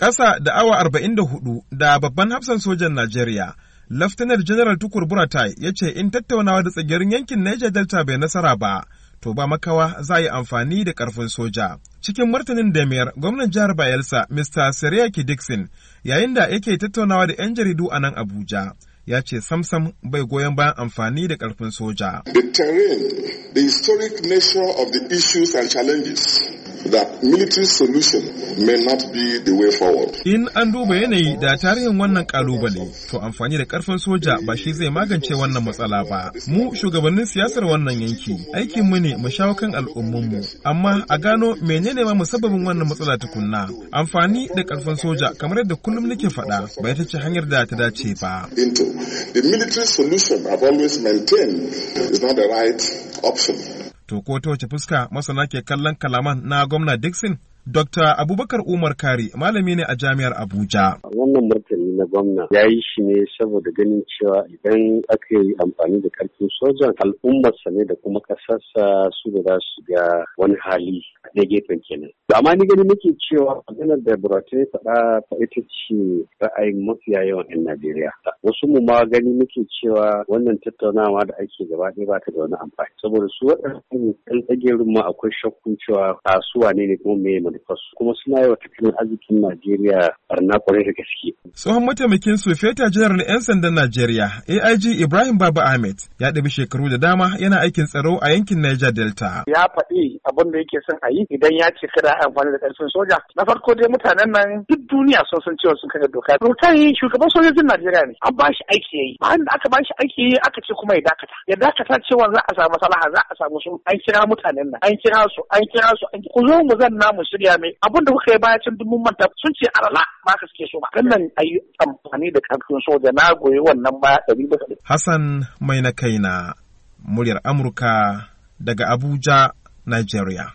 ƙasa da awa arba'in da da babban hafsan sojan Najeriya. Laftanar General Tukur Buratai ya ce in tattaunawa da tsagirin yankin Niger Delta bai nasara ba, to ba makawa za a yi amfani da ƙarfin soja. Cikin martanin Demiyar, gwamnan jihar Bayelsa, Mr. Seriaki Dixon, yayin da yake tattaunawa da 'yan jaridu a nan Abuja, ya ce samsam bai goyon bayan amfani da ƙarfin soja. The terrain, the historic nature of the issues and challenges that military solution may not be the way forward. In an duba yanayi da tarihin wannan kalubale, to amfani da karfin soja ba shi zai magance wannan matsala ba. Mu shugabannin siyasar wannan yanki, aikin mu ne mu shawo kan mu amma a gano menene ma musabbabin wannan matsala tukunna. Amfani da karfin soja kamar yadda kullum nake faɗa, ba ita ce hanyar da ta dace ba. Into the military solution I've always maintained is not the right option. To ko ta wace fuska masana ke kallon kalaman na gwamna Dixon? Dr. Abubakar Umar Kari malami ne a Jami'ar Abuja. Wannan martani na gwamna ya yi shi ne saboda ganin cewa idan aka yi amfani da karfin sojan al'ummarsa ne da kuma ƙasarsa su da za su ga wani hali na gefen kenan. Amma ni gani muke cewa maganar da Buratai faɗa ita ce ra'ayin mafiya yawan 'yan Najeriya. wasu mu ma gani muke cewa wannan tattaunawa da ake gaba ɗaya ba ta da wani amfani saboda su waɗannan ɗan tsagerin ma akwai shakkun cewa kasuwa ne ne kuma me manufarsu kuma suna yi wa tattalin arzikin Najeriya barna kwarai da gaske. Tsohon mataimakin su Feta Janar na 'yan sandan Najeriya AIG Ibrahim Baba Ahmed ya ɗabi shekaru da dama yana aikin tsaro a yankin Niger Delta. Ya faɗi abin da yake son a yi idan ya ce kada amfani da ƙarfin soja. Na farko dai mutanen nan duk duniya sun san cewa sun kaga doka. Rutan shugaban sojojin Najeriya ne. an ba shi aiki yayi bayan da aka ba shi aiki yayi aka ce kuma ya dakata ya dakata cewa za a samu salaha za a samu su an kira mutanen nan an kira su an kira su an ku zo mu zan namu shirya mai Abun da kuka yi baya cin dumin manta sun ce alala ba ka suke so ba wannan ayi amfani da karfin soja na goyi wannan ba ɗari bisa Hassan mai na kaina muryar Amurka daga Abuja Nigeria